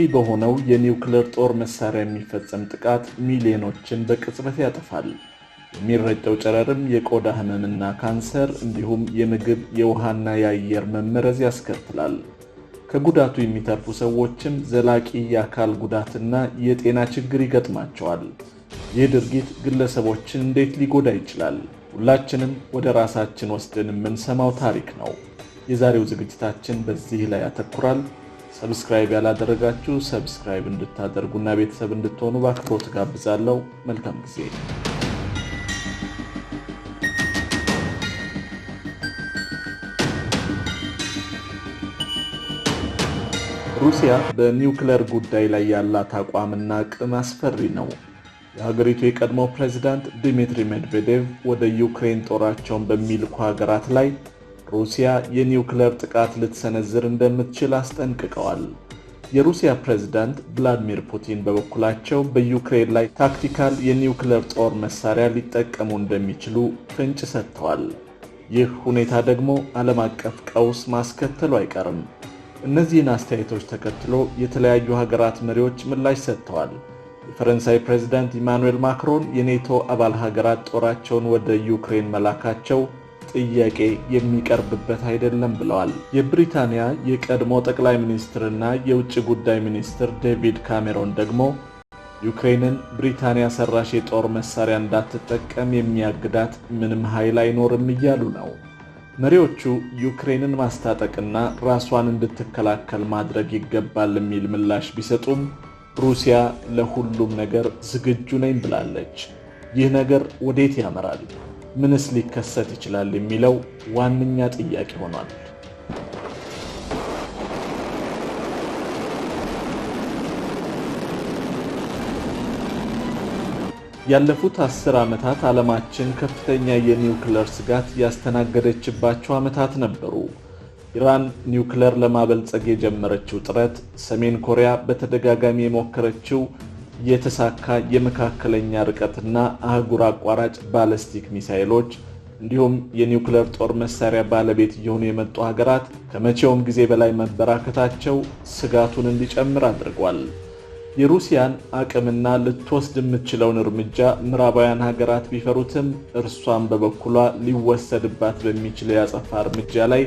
አስከፊ በሆነው የኒውክሌር ጦር መሳሪያ የሚፈጸም ጥቃት ሚሊዮኖችን በቅጽበት ያጠፋል። የሚረጨው ጨረርም የቆዳ ህመምና ካንሰር እንዲሁም የምግብ የውሃና የአየር መመረዝ ያስከትላል። ከጉዳቱ የሚተርፉ ሰዎችም ዘላቂ የአካል ጉዳትና የጤና ችግር ይገጥማቸዋል። ይህ ድርጊት ግለሰቦችን እንዴት ሊጎዳ ይችላል? ሁላችንም ወደ ራሳችን ወስደን የምንሰማው ታሪክ ነው። የዛሬው ዝግጅታችን በዚህ ላይ ያተኩራል። ሰብስክራይብ ያላደረጋችሁ ሰብስክራይብ እንድታደርጉና ቤተሰብ እንድትሆኑ በአክብሮት ጋብዛለሁ። መልካም ጊዜ ሩሲያ በኒውክለር ጉዳይ ላይ ያላት አቋምና አቅም አስፈሪ ነው። የሀገሪቱ የቀድሞ ፕሬዚዳንት ዲሚትሪ ሜድቬዴቭ ወደ ዩክሬን ጦራቸውን በሚልኩ ሀገራት ላይ ሩሲያ የኒውክለር ጥቃት ልትሰነዝር እንደምትችል አስጠንቅቀዋል። የሩሲያ ፕሬዝዳንት ቭላድሚር ፑቲን በበኩላቸው በዩክሬን ላይ ታክቲካል የኒውክለር ጦር መሳሪያ ሊጠቀሙ እንደሚችሉ ፍንጭ ሰጥተዋል። ይህ ሁኔታ ደግሞ ዓለም አቀፍ ቀውስ ማስከተሉ አይቀርም። እነዚህን አስተያየቶች ተከትሎ የተለያዩ ሀገራት መሪዎች ምላሽ ሰጥተዋል። የፈረንሳይ ፕሬዝዳንት ኢማኑኤል ማክሮን የኔቶ አባል ሀገራት ጦራቸውን ወደ ዩክሬን መላካቸው ጥያቄ የሚቀርብበት አይደለም ብለዋል። የብሪታንያ የቀድሞ ጠቅላይ ሚኒስትርና የውጭ ጉዳይ ሚኒስትር ዴቪድ ካሜሮን ደግሞ ዩክሬንን ብሪታንያ ሰራሽ የጦር መሳሪያ እንዳትጠቀም የሚያግዳት ምንም ኃይል አይኖርም እያሉ ነው። መሪዎቹ ዩክሬንን ማስታጠቅና ራሷን እንድትከላከል ማድረግ ይገባል የሚል ምላሽ ቢሰጡም ሩሲያ ለሁሉም ነገር ዝግጁ ነኝ ብላለች። ይህ ነገር ወዴት ያመራል? ምንስ ሊከሰት ይችላል የሚለው ዋነኛ ጥያቄ ሆኗል። ያለፉት አስር ዓመታት ዓለማችን ከፍተኛ የኒውክለር ስጋት ያስተናገደችባቸው ዓመታት ነበሩ። ኢራን ኒውክለር ለማበልጸግ የጀመረችው ጥረት፣ ሰሜን ኮሪያ በተደጋጋሚ የሞከረችው የተሳካ የመካከለኛ ርቀትና አህጉር አቋራጭ ባለስቲክ ሚሳይሎች እንዲሁም የኒውክለር ጦር መሳሪያ ባለቤት እየሆኑ የመጡ ሀገራት ከመቼውም ጊዜ በላይ መበራከታቸው ስጋቱን እንዲጨምር አድርጓል። የሩሲያን አቅምና ልትወስድ የምትችለውን እርምጃ ምዕራባውያን ሀገራት ቢፈሩትም እርሷን በበኩሏ ሊወሰድባት በሚችል የአጸፋ እርምጃ ላይ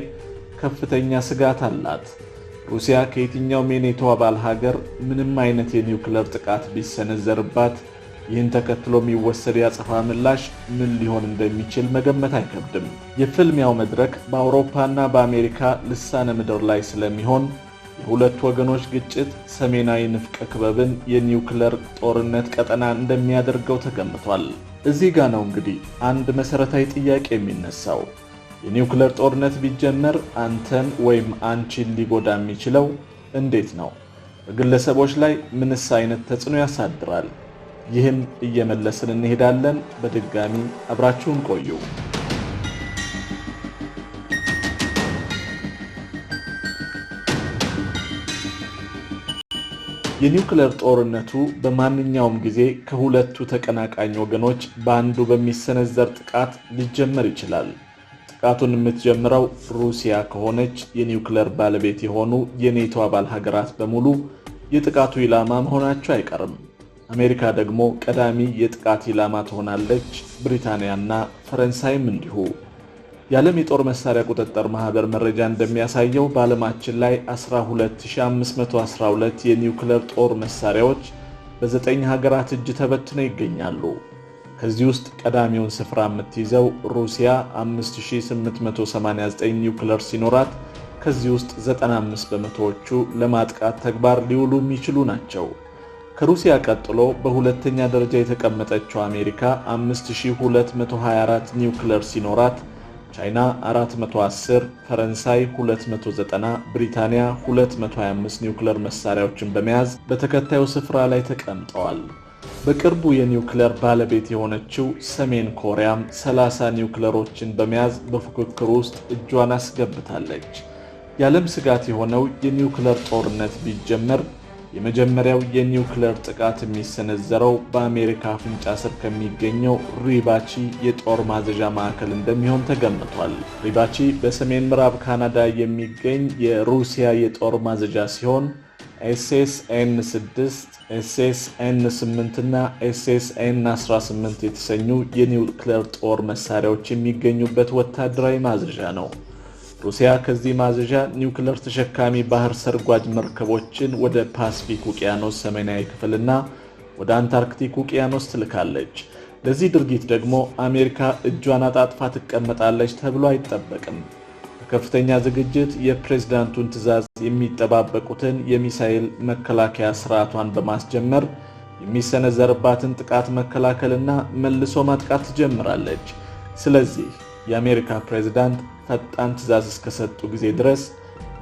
ከፍተኛ ስጋት አላት። ሩሲያ ከየትኛውም የኔቶ አባል ሀገር ምንም አይነት የኒውክለር ጥቃት ቢሰነዘርባት ይህን ተከትሎ የሚወሰድ የአጸፋ ምላሽ ምን ሊሆን እንደሚችል መገመት አይከብድም። የፍልሚያው መድረክ በአውሮፓና በአሜሪካ ልሳነ ምድር ላይ ስለሚሆን የሁለቱ ወገኖች ግጭት ሰሜናዊ ንፍቀ ክበብን የኒውክለር ጦርነት ቀጠና እንደሚያደርገው ተገምቷል። እዚህ ጋ ነው እንግዲህ አንድ መሠረታዊ ጥያቄ የሚነሳው። የኒውክለር ጦርነት ቢጀመር አንተን ወይም አንቺን ሊጎዳ የሚችለው እንዴት ነው? በግለሰቦች ላይ ምንስ አይነት ተጽዕኖ ያሳድራል? ይህን እየመለስን እንሄዳለን። በድጋሚ አብራችሁን ቆዩ። የኒውክለር ጦርነቱ በማንኛውም ጊዜ ከሁለቱ ተቀናቃኝ ወገኖች በአንዱ በሚሰነዘር ጥቃት ሊጀመር ይችላል። ጥቃቱን የምትጀምረው ሩሲያ ከሆነች የኒውክለር ባለቤት የሆኑ የኔቶ አባል ሀገራት በሙሉ የጥቃቱ ኢላማ መሆናቸው አይቀርም። አሜሪካ ደግሞ ቀዳሚ የጥቃት ኢላማ ትሆናለች። ብሪታንያና ፈረንሳይም እንዲሁ። የዓለም የጦር መሳሪያ ቁጥጥር ማህበር መረጃ እንደሚያሳየው በዓለማችን ላይ 12512 የኒውክለር ጦር መሳሪያዎች በዘጠኝ ሀገራት እጅ ተበትነው ይገኛሉ። ከዚህ ውስጥ ቀዳሚውን ስፍራ የምትይዘው ሩሲያ 5889 ኒውክለር ሲኖራት ከዚህ ውስጥ 95 በመቶዎቹ ለማጥቃት ተግባር ሊውሉ የሚችሉ ናቸው። ከሩሲያ ቀጥሎ በሁለተኛ ደረጃ የተቀመጠችው አሜሪካ 5224 ኒውክለር ሲኖራት ቻይና 410፣ ፈረንሳይ 290፣ ብሪታንያ 225 ኒውክለር መሳሪያዎችን በመያዝ በተከታዩ ስፍራ ላይ ተቀምጠዋል። በቅርቡ የኒውክሌር ባለቤት የሆነችው ሰሜን ኮሪያ 30 ኒውክሌሮችን በመያዝ በፉክክር ውስጥ እጇን አስገብታለች። የዓለም ስጋት የሆነው የኒውክሌር ጦርነት ቢጀመር የመጀመሪያው የኒውክሌር ጥቃት የሚሰነዘረው በአሜሪካ አፍንጫ ስር ከሚገኘው ሪባቺ የጦር ማዘዣ ማዕከል እንደሚሆን ተገምቷል። ሪባቺ በሰሜን ምዕራብ ካናዳ የሚገኝ የሩሲያ የጦር ማዘዣ ሲሆን ኤስኤስኤን 6 ኤስኤስኤን 8 እና ኤስኤስኤን 18 የተሰኙ የኒውክሌር ጦር መሳሪያዎች የሚገኙበት ወታደራዊ ማዘዣ ነው። ሩሲያ ከዚህ ማዘዣ ኒውክሌር ተሸካሚ ባህር ሰርጓጅ መርከቦችን ወደ ፓስፊክ ውቅያኖስ ሰሜናዊ ክፍልና ወደ አንታርክቲክ ውቅያኖስ ትልካለች። ለዚህ ድርጊት ደግሞ አሜሪካ እጇን አጣጥፋ ትቀመጣለች ተብሎ አይጠበቅም። ከፍተኛ ዝግጅት የፕሬዝዳንቱን ትዕዛዝ የሚጠባበቁትን የሚሳኤል መከላከያ ስርዓቷን በማስጀመር የሚሰነዘርባትን ጥቃት መከላከልና መልሶ ማጥቃት ትጀምራለች። ስለዚህ የአሜሪካ ፕሬዝዳንት ፈጣን ትዕዛዝ እስከሰጡ ጊዜ ድረስ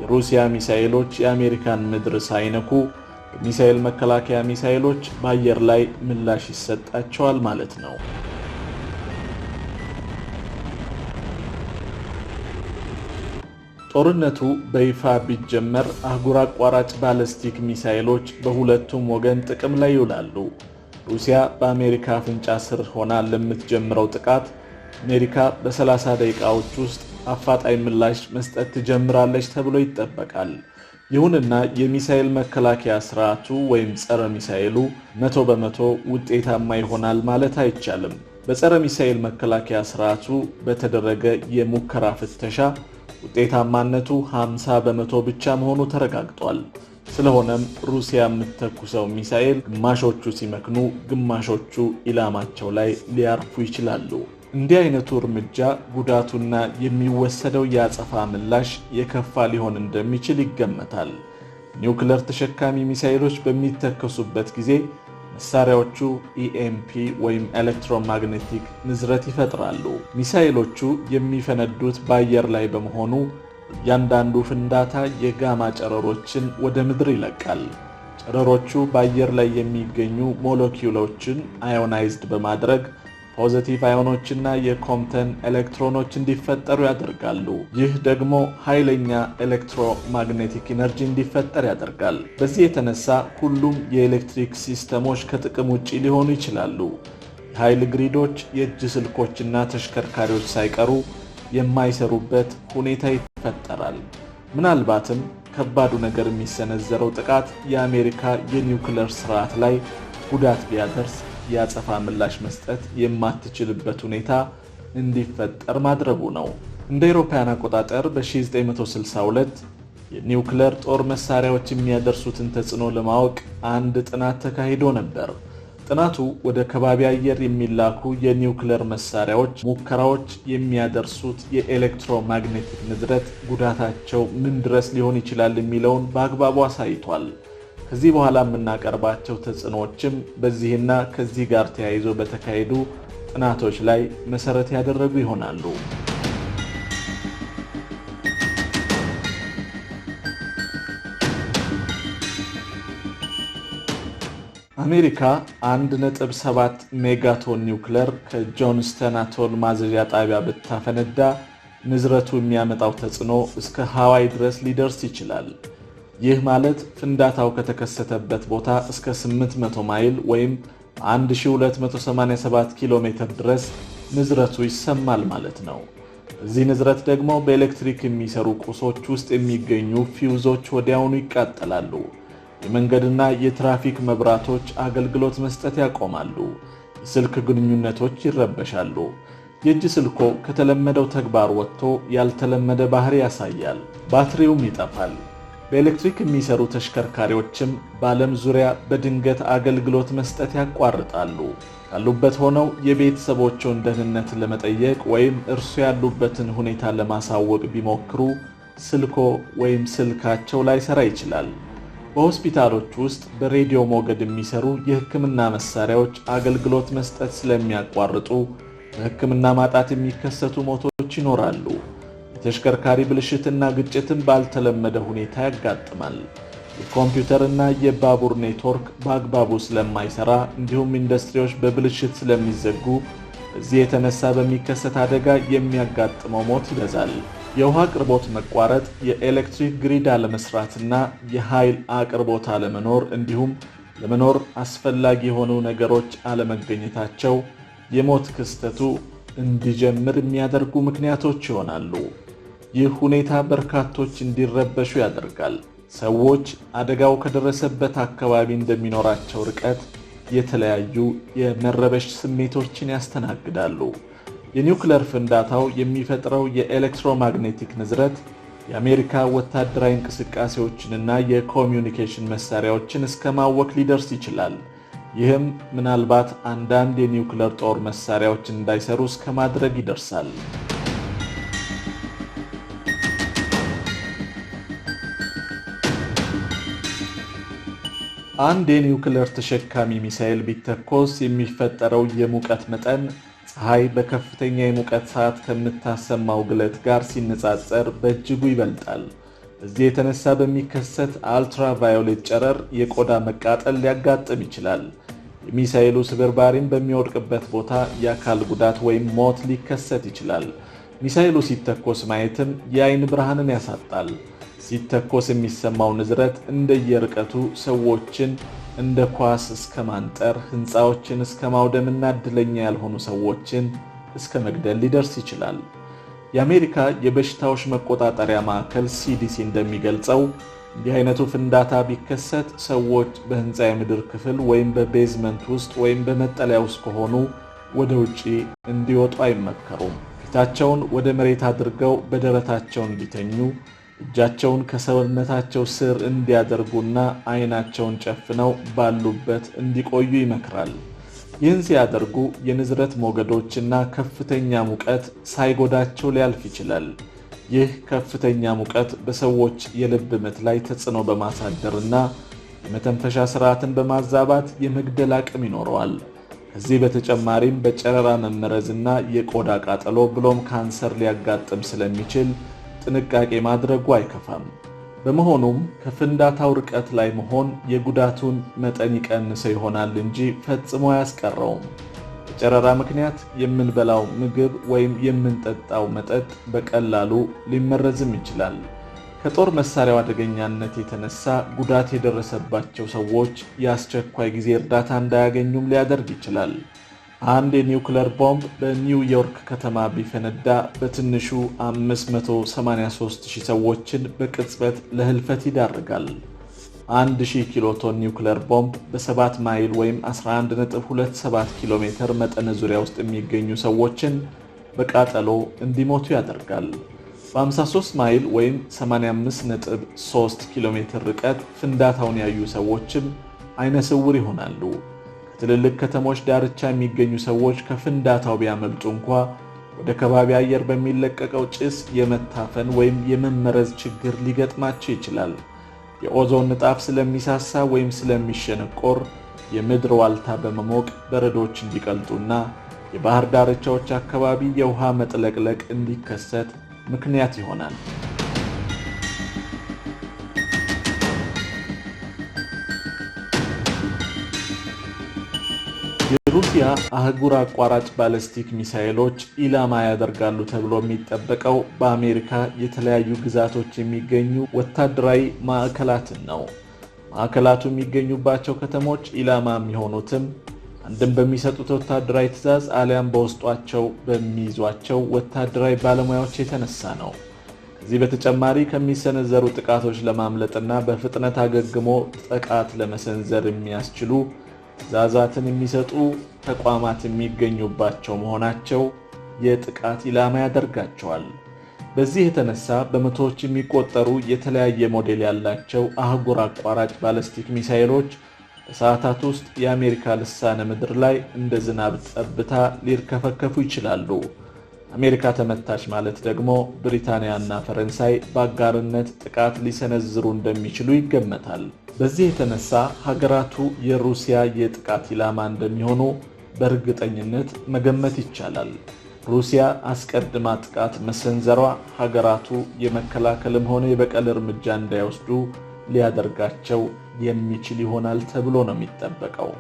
የሩሲያ ሚሳኤሎች የአሜሪካን ምድር ሳይነኩ በሚሳኤል መከላከያ ሚሳኤሎች በአየር ላይ ምላሽ ይሰጣቸዋል ማለት ነው። ጦርነቱ በይፋ ቢጀመር አህጉር አቋራጭ ባለስቲክ ሚሳይሎች በሁለቱም ወገን ጥቅም ላይ ይውላሉ። ሩሲያ በአሜሪካ አፍንጫ ስር ሆና ለምትጀምረው ጥቃት አሜሪካ በ30 ደቂቃዎች ውስጥ አፋጣኝ ምላሽ መስጠት ትጀምራለች ተብሎ ይጠበቃል። ይሁንና የሚሳይል መከላከያ ስርዓቱ ወይም ጸረ ሚሳይሉ መቶ በመቶ ውጤታማ ይሆናል ማለት አይቻልም። በጸረ ሚሳይል መከላከያ ስርዓቱ በተደረገ የሙከራ ፍተሻ ውጤታማነቱ 50 በመቶ ብቻ መሆኑ ተረጋግጧል። ስለሆነም ሩሲያ የምትተኩሰው ሚሳኤል ግማሾቹ ሲመክኑ፣ ግማሾቹ ኢላማቸው ላይ ሊያርፉ ይችላሉ። እንዲህ አይነቱ እርምጃ ጉዳቱና የሚወሰደው የአጸፋ ምላሽ የከፋ ሊሆን እንደሚችል ይገመታል። ኒውክለር ተሸካሚ ሚሳኤሎች በሚተከሱበት ጊዜ መሳሪያዎቹ ኢኤምፒ e ወይም ኤሌክትሮማግኔቲክ ንዝረት ይፈጥራሉ። ሚሳይሎቹ የሚፈነዱት በአየር ላይ በመሆኑ እያንዳንዱ ፍንዳታ የጋማ ጨረሮችን ወደ ምድር ይለቃል። ጨረሮቹ በአየር ላይ የሚገኙ ሞለኪውሎችን አዮናይዝድ በማድረግ ፖዘቲቭ አዮኖችና የኮምተን ኤሌክትሮኖች እንዲፈጠሩ ያደርጋሉ። ይህ ደግሞ ኃይለኛ ኤሌክትሮማግኔቲክ ኢነርጂ እንዲፈጠር ያደርጋል። በዚህ የተነሳ ሁሉም የኤሌክትሪክ ሲስተሞች ከጥቅም ውጪ ሊሆኑ ይችላሉ። የኃይል ግሪዶች፣ የእጅ ስልኮችና ተሽከርካሪዎች ሳይቀሩ የማይሰሩበት ሁኔታ ይፈጠራል። ምናልባትም ከባዱ ነገር የሚሰነዘረው ጥቃት የአሜሪካ የኒውክለር ስርዓት ላይ ጉዳት ቢያደርስ የአጸፋ ምላሽ መስጠት የማትችልበት ሁኔታ እንዲፈጠር ማድረጉ ነው። እንደ አውሮፓውያን አቆጣጠር በ1962 የኒውክለር ጦር መሳሪያዎች የሚያደርሱትን ተጽዕኖ ለማወቅ አንድ ጥናት ተካሂዶ ነበር። ጥናቱ ወደ ከባቢ አየር የሚላኩ የኒውክለር መሳሪያዎች ሙከራዎች የሚያደርሱት የኤሌክትሮማግኔቲክ ንዝረት ጉዳታቸው ምን ድረስ ሊሆን ይችላል የሚለውን በአግባቡ አሳይቷል። ከዚህ በኋላ የምናቀርባቸው ተጽዕኖዎችም በዚህና ከዚህ ጋር ተያይዞ በተካሄዱ ጥናቶች ላይ መሰረት ያደረጉ ይሆናሉ። አሜሪካ 1.7 ሜጋቶን ኒውክለር ከጆንስተን አቶል ማዘዣ ጣቢያ ብታፈነዳ ንዝረቱ የሚያመጣው ተጽዕኖ እስከ ሃዋይ ድረስ ሊደርስ ይችላል። ይህ ማለት ፍንዳታው ከተከሰተበት ቦታ እስከ 800 ማይል ወይም 1287 ኪሎ ሜትር ድረስ ንዝረቱ ይሰማል ማለት ነው። እዚህ ንዝረት ደግሞ በኤሌክትሪክ የሚሰሩ ቁሶች ውስጥ የሚገኙ ፊውዞች ወዲያውኑ ይቃጠላሉ። የመንገድና የትራፊክ መብራቶች አገልግሎት መስጠት ያቆማሉ። የስልክ ግንኙነቶች ይረበሻሉ። የእጅ ስልኮ ከተለመደው ተግባር ወጥቶ ያልተለመደ ባህሪ ያሳያል። ባትሪውም ይጠፋል። በኤሌክትሪክ የሚሰሩ ተሽከርካሪዎችም በዓለም ዙሪያ በድንገት አገልግሎት መስጠት ያቋርጣሉ። ያሉበት ሆነው የቤተሰቦቸውን ደህንነት ለመጠየቅ ወይም እርሱ ያሉበትን ሁኔታ ለማሳወቅ ቢሞክሩ ስልኮ ወይም ስልካቸው ላይሰራ ይችላል። በሆስፒታሎች ውስጥ በሬዲዮ ሞገድ የሚሰሩ የሕክምና መሳሪያዎች አገልግሎት መስጠት ስለሚያቋርጡ በሕክምና ማጣት የሚከሰቱ ሞቶች ይኖራሉ። የተሽከርካሪ ብልሽትና ግጭትን ባልተለመደ ሁኔታ ያጋጥማል። የኮምፒውተርና የባቡር ኔትወርክ በአግባቡ ስለማይሰራ እንዲሁም ኢንዱስትሪዎች በብልሽት ስለሚዘጉ በዚህ የተነሳ በሚከሰት አደጋ የሚያጋጥመው ሞት ይበዛል። የውሃ አቅርቦት መቋረጥ፣ የኤሌክትሪክ ግሪድ አለመስራትና የኃይል አቅርቦት አለመኖር እንዲሁም ለመኖር አስፈላጊ የሆኑ ነገሮች አለመገኘታቸው የሞት ክስተቱ እንዲጀምር የሚያደርጉ ምክንያቶች ይሆናሉ። ይህ ሁኔታ በርካቶች እንዲረበሹ ያደርጋል። ሰዎች አደጋው ከደረሰበት አካባቢ እንደሚኖራቸው ርቀት የተለያዩ የመረበሽ ስሜቶችን ያስተናግዳሉ። የኒውክለር ፍንዳታው የሚፈጥረው የኤሌክትሮማግኔቲክ ንዝረት የአሜሪካ ወታደራዊ እንቅስቃሴዎችንና የኮሚዩኒኬሽን መሳሪያዎችን እስከ ማወክ ሊደርስ ይችላል። ይህም ምናልባት አንዳንድ የኒውክለር ጦር መሳሪያዎች እንዳይሰሩ እስከ ማድረግ ይደርሳል። አንድ የኒውክለር ተሸካሚ ሚሳኤል ቢተኮስ የሚፈጠረው የሙቀት መጠን ፀሐይ በከፍተኛ የሙቀት ሰዓት ከምታሰማው ግለት ጋር ሲነጻጸር በእጅጉ ይበልጣል። በዚህ የተነሳ በሚከሰት አልትራቫዮሌት ጨረር የቆዳ መቃጠል ሊያጋጥም ይችላል። የሚሳኤሉ ስብርባሪም በሚወድቅበት ቦታ የአካል ጉዳት ወይም ሞት ሊከሰት ይችላል። ሚሳኤሉ ሲተኮስ ማየትም የአይን ብርሃንን ያሳጣል። ሲተኮስ የሚሰማው ንዝረት እንደየርቀቱ ሰዎችን እንደ ኳስ እስከ ማንጠር፣ ሕንፃዎችን እስከ ማውደምና እድለኛ ያልሆኑ ሰዎችን እስከ መግደል ሊደርስ ይችላል። የአሜሪካ የበሽታዎች መቆጣጠሪያ ማዕከል ሲዲሲ እንደሚገልጸው እንዲህ አይነቱ ፍንዳታ ቢከሰት ሰዎች በሕንፃ የምድር ክፍል ወይም በቤዝመንት ውስጥ ወይም በመጠለያ ውስጥ ከሆኑ ወደ ውጪ እንዲወጡ አይመከሩም። ፊታቸውን ወደ መሬት አድርገው በደረታቸው እንዲተኙ እጃቸውን ከሰውነታቸው ስር እንዲያደርጉና አይናቸውን ጨፍነው ባሉበት እንዲቆዩ ይመክራል። ይህን ሲያደርጉ የንዝረት ሞገዶችና ከፍተኛ ሙቀት ሳይጎዳቸው ሊያልፍ ይችላል። ይህ ከፍተኛ ሙቀት በሰዎች የልብ ምት ላይ ተጽዕኖ በማሳደርና የመተንፈሻ ስርዓትን በማዛባት የመግደል አቅም ይኖረዋል። ከዚህ በተጨማሪም በጨረራ መመረዝና የቆዳ ቃጠሎ ብሎም ካንሰር ሊያጋጥም ስለሚችል ጥንቃቄ ማድረጉ አይከፋም። በመሆኑም ከፍንዳታው ርቀት ላይ መሆን የጉዳቱን መጠን ይቀንሰ ይሆናል እንጂ ፈጽሞ አያስቀረውም። በጨረራ ምክንያት የምንበላው ምግብ ወይም የምንጠጣው መጠጥ በቀላሉ ሊመረዝም ይችላል። ከጦር መሳሪያው አደገኛነት የተነሳ ጉዳት የደረሰባቸው ሰዎች የአስቸኳይ ጊዜ እርዳታ እንዳያገኙም ሊያደርግ ይችላል። አንድ የኒውክለር ቦምብ በኒውዮርክ ከተማ ቢፈነዳ በትንሹ 583 ሺህ ሰዎችን በቅጽበት ለህልፈት ይዳርጋል። 1000 ኪሎቶን ኒውክለር ቦምብ በ7 ማይል ወይም 11.27 ኪሎ ሜትር መጠነ ዙሪያ ውስጥ የሚገኙ ሰዎችን በቃጠሎ እንዲሞቱ ያደርጋል። በ53 ማይል ወይም 85.3 ኪሎ ሜትር ርቀት ፍንዳታውን ያዩ ሰዎችም አይነ ስውር ይሆናሉ። ትልልቅ ከተሞች ዳርቻ የሚገኙ ሰዎች ከፍንዳታው ቢያመልጡ እንኳ ወደ ከባቢ አየር በሚለቀቀው ጭስ የመታፈን ወይም የመመረዝ ችግር ሊገጥማቸው ይችላል። የኦዞን ንጣፍ ስለሚሳሳ ወይም ስለሚሸነቆር የምድር ዋልታ በመሞቅ በረዶች እንዲቀልጡና የባህር ዳርቻዎች አካባቢ የውሃ መጥለቅለቅ እንዲከሰት ምክንያት ይሆናል። አህጉር አቋራጭ ባለስቲክ ሚሳይሎች ኢላማ ያደርጋሉ ተብሎ የሚጠበቀው በአሜሪካ የተለያዩ ግዛቶች የሚገኙ ወታደራዊ ማዕከላትን ነው። ማዕከላቱ የሚገኙባቸው ከተሞች ኢላማ የሚሆኑትም አንድም በሚሰጡት ወታደራዊ ትዕዛዝ አሊያም በውስጧቸው በሚይዟቸው ወታደራዊ ባለሙያዎች የተነሳ ነው። ከዚህ በተጨማሪ ከሚሰነዘሩ ጥቃቶች ለማምለጥና በፍጥነት አገግሞ ጥቃት ለመሰንዘር የሚያስችሉ ትዕዛዛትን የሚሰጡ ተቋማት የሚገኙባቸው መሆናቸው የጥቃት ኢላማ ያደርጋቸዋል። በዚህ የተነሳ በመቶዎች የሚቆጠሩ የተለያየ ሞዴል ያላቸው አህጉር አቋራጭ ባለስቲክ ሚሳይሎች በሰዓታት ውስጥ የአሜሪካ ልሳነ ምድር ላይ እንደ ዝናብ ጠብታ ሊርከፈከፉ ይችላሉ። አሜሪካ ተመታች ማለት ደግሞ ብሪታንያና ፈረንሳይ በአጋርነት ጥቃት ሊሰነዝሩ እንደሚችሉ ይገመታል። በዚህ የተነሳ ሀገራቱ የሩሲያ የጥቃት ኢላማ እንደሚሆኑ በእርግጠኝነት መገመት ይቻላል። ሩሲያ አስቀድማ ጥቃት መሰንዘሯ ሀገራቱ የመከላከልም ሆነ የበቀል እርምጃ እንዳይወስዱ ሊያደርጋቸው የሚችል ይሆናል ተብሎ ነው የሚጠበቀው።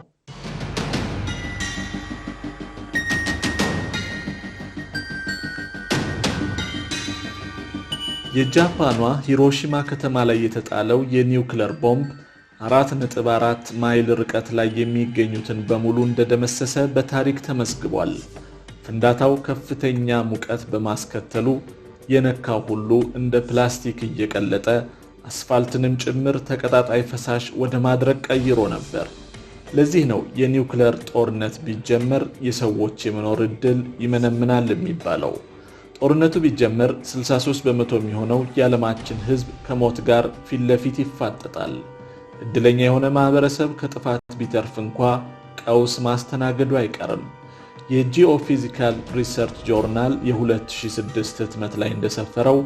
የጃፓኗ ሂሮሺማ ከተማ ላይ የተጣለው የኒውክለር ቦምብ አራት ነጥብ አራት ማይል ርቀት ላይ የሚገኙትን በሙሉ እንደደመሰሰ በታሪክ ተመዝግቧል። ፍንዳታው ከፍተኛ ሙቀት በማስከተሉ የነካው ሁሉ እንደ ፕላስቲክ እየቀለጠ አስፋልትንም ጭምር ተቀጣጣይ ፈሳሽ ወደ ማድረግ ቀይሮ ነበር። ለዚህ ነው የኒውክለር ጦርነት ቢጀመር የሰዎች የመኖር ዕድል ይመነምናል የሚባለው። ጦርነቱ ቢጀመር 63 በመቶ የሚሆነው የዓለማችን ሕዝብ ከሞት ጋር ፊት ለፊት ይፋጠጣል። እድለኛ የሆነ ማህበረሰብ ከጥፋት ቢተርፍ እንኳ ቀውስ ማስተናገዱ አይቀርም። የጂኦፊዚካል ሪሰርች ጆርናል የ2006 ህትመት ላይ እንደሰፈረው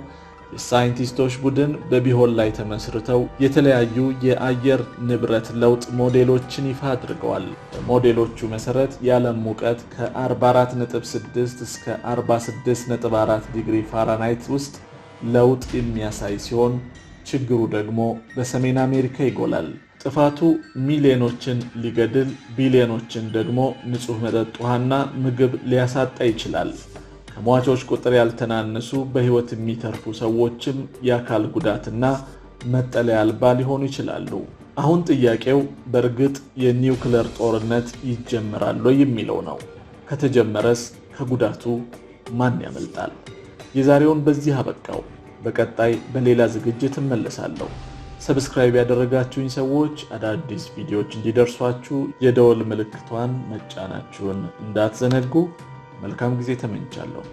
የሳይንቲስቶች ቡድን በቢሆን ላይ ተመስርተው የተለያዩ የአየር ንብረት ለውጥ ሞዴሎችን ይፋ አድርገዋል። በሞዴሎቹ መሰረት የዓለም ሙቀት ከ44.6 እስከ 46.4 ዲግሪ ፋራናይት ውስጥ ለውጥ የሚያሳይ ሲሆን ችግሩ ደግሞ በሰሜን አሜሪካ ይጎላል። ጥፋቱ ሚሊዮኖችን ሊገድል፣ ቢሊዮኖችን ደግሞ ንጹህ መጠጥ ውሃና ምግብ ሊያሳጣ ይችላል። ከሟቾች ቁጥር ያልተናነሱ በሕይወት የሚተርፉ ሰዎችም የአካል ጉዳትና መጠለያ አልባ ሊሆኑ ይችላሉ። አሁን ጥያቄው በእርግጥ የኒውክለር ጦርነት ይጀምራሉ የሚለው ነው። ከተጀመረስ ከጉዳቱ ማን ያመልጣል? የዛሬውን በዚህ አበቃው። በቀጣይ በሌላ ዝግጅት እመለሳለሁ። ሰብስክራይብ ያደረጋችሁኝ ሰዎች አዳዲስ ቪዲዮዎች እንዲደርሷችሁ የደወል ምልክቷን መጫናችሁን እንዳትዘነጉ። መልካም ጊዜ ተመኝቻለሁ።